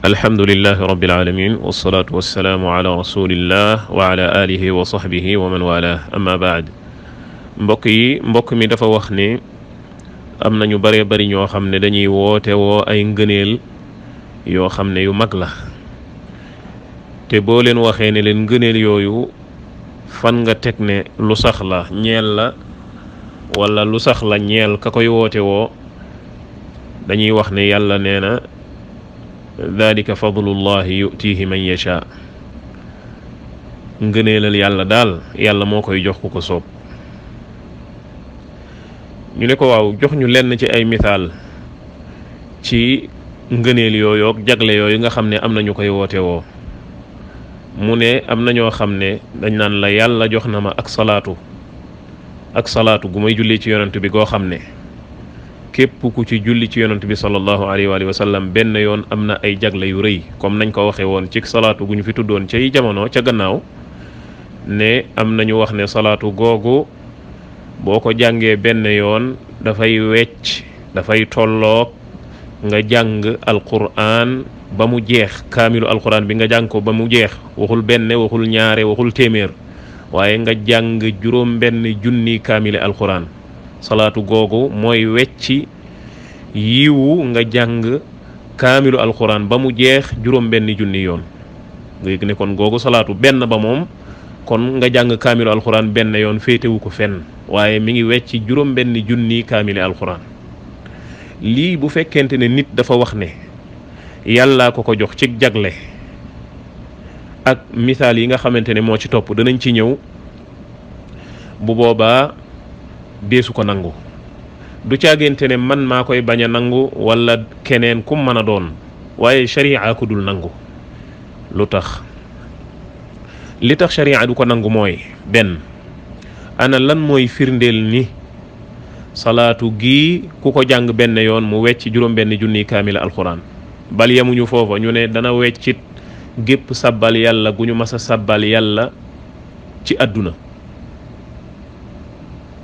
الحمد لله رب العالمين والصلاة والسلام على رسول الله وعلى آله وصحبه ومن والاه أما بعد مبقي مبقي مي دافا واخني امنا ني بري بري ньо خامني دانيي ووتي وو اي نغنيل يو خامني يو ماغلا تي بولين واخين لين نغنيل يويو فان nga tekne lu sax la ñeel la wala lu sax la ñeel kakoy wote wo dañuy wax ne dalika fadlullahi yutihi man yasha ngëneelal yàlla daal yàlla moo koy jox ku ko soob ñu ne ko waaw jox ñu lenn ci ay misaal ci ngëneel yooyu ak jagle yooyu nga xam ne am na ñu koy woote woo mu ne am na ñoo xam ne dañ naan la yàlla jox na ma ak salaatu ak salaatu gu may julli ci yonent bi goo xam ne képp ku ci julli ci yonent bi sallallahu alayhi wa sallam benn yoon am na ay jagle yu rëy comme nañ ko waxee woon ci salaatu gu ñu fi tuddoon cay jamono ca gannaaw ne am nañu wax ne salaatu googu boo ko jàngee benn yoon dafay wecc dafay tolloog nga jàng alquran ba mu jeex kaamilu alquran bi nga jàng ko ba mu jeex waxul benn waxul ñaare waxul téeméer waaye nga jàng juróom benn junni kaamile alquran salaatu googu mooy wecci yiwu nga jàng kaamilu alxuraan ba mu jeex juróom benn junni yoon nga yëg ne kon googu salaatu benn ba moom kon nga jàng kaamilu alxuraan benn yoon féetewu ko fenn waaye mi ngi wecci juróom benn junni kaamili alxuraan lii bu fekkente ne nit dafa wax ne yàllaa ko ko jox ci jagle ak misaal yi nga xamante ne moo ci topp danañ ci ñëw bu boobaa deesu ko nangu du caagénte ne man maa koy bañ a nangu walla keneen ku mën a doon waaye sharia ko dul nangu lu tax li tax sharia du ko nangu mooy benn ana lan mooy firndeel ni salaatu gii ku ko jàng benn yoon mu wecc juróom-benn junniy kaamila alxuraan bal yamuñu foofa ñu ne dana weccit gépp sabbal yàlla gu ñu mas a sabbal yàlla ci àdduna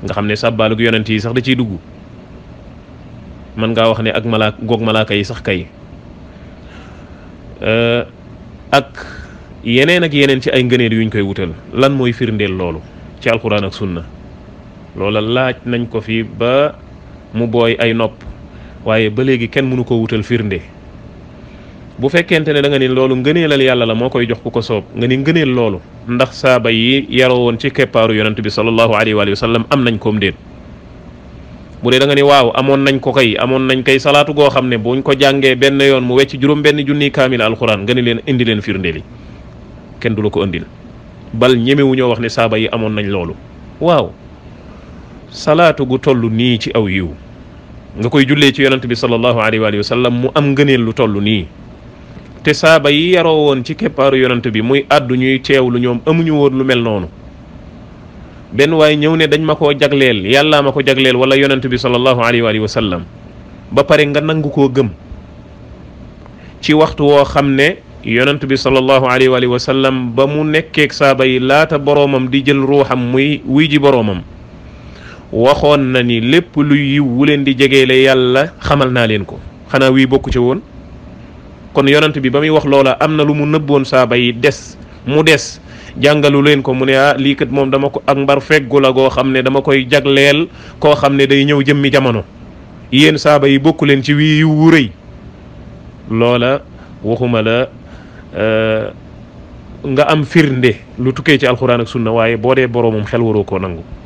nga xam ne sàbbaalug yonent yi sax da ciy dugg man ngaa wax ne ak malaak goog malaaka yi sax kay euh, ak yeneen ak yeneen ci ay ngëneel yuñ koy wutal lan mooy firndeel loolu ci alxuraan ak sunna loola laaj nañ ko fi ba mu booy ay nopp waaye ba léegi kenn mënu ko wutal firnde bu fekkente ne da nga ni loolu ngeeneelal yàlla la moo koy jox ku ko soob nga ni ngeeneel loolu ndax saaba yi yaroo woon ci keppaaru yonent bi sallallahu alayhi wa sallam am nañ ko déet bu dee da nga ni waaw amoon nañ ko kay amoon nañ kay salaatu goo xam ne buñ ko jàngee benn yoon mu wecc juróom-benn junni kaamil alquran nga ni indi leen firndeel Ken kenn du la ko indil bal ñemewu ñoo wax ne saaba yi amoon nañ loolu waaw salaatu gu toll nii ci aw yiw nga koy jullee ci yonent bi sallallahu alayhi wa sallam mu am ngëneel lu toll nii te saaba yi yaroo woon ci keppaaru yonant bi muy àddu ñuy lu ñoom amuñu woon lu mel noonu benn waaye ñëw ne dañ ma koo jagleel yàllaa ma ko jagleel wala yonant bi sallallahu alayhi wa sallam ba pare nga nangu koo gëm ci waxtu woo xam ne yonant bi sallallahu alayhi sallam ba mu nekkeeg saaba yi laata boroomam di jël ruuxam muy wuy ji boroomam waxoon na ni lépp lu yiw wu leen di jegeele yàlla xamal naa leen ko xanaa wii bokk ci woon kon yonant bi ba muy wax loola am na lu mu nëbboon saaba yi des mu des jàngalu leen ko mu ne ah lii kat moom dama ko ak mbar feggu la goo xam ne dama koy jagleel koo xam ne day ñëw jëmmi jamono yéen saaba yi bokku leen ci wii wu rëy loola waxuma la euh, nga am firnde lu tukkee ci alxuraan ak sunna waaye boo dee boroomum xel waroo koo nangu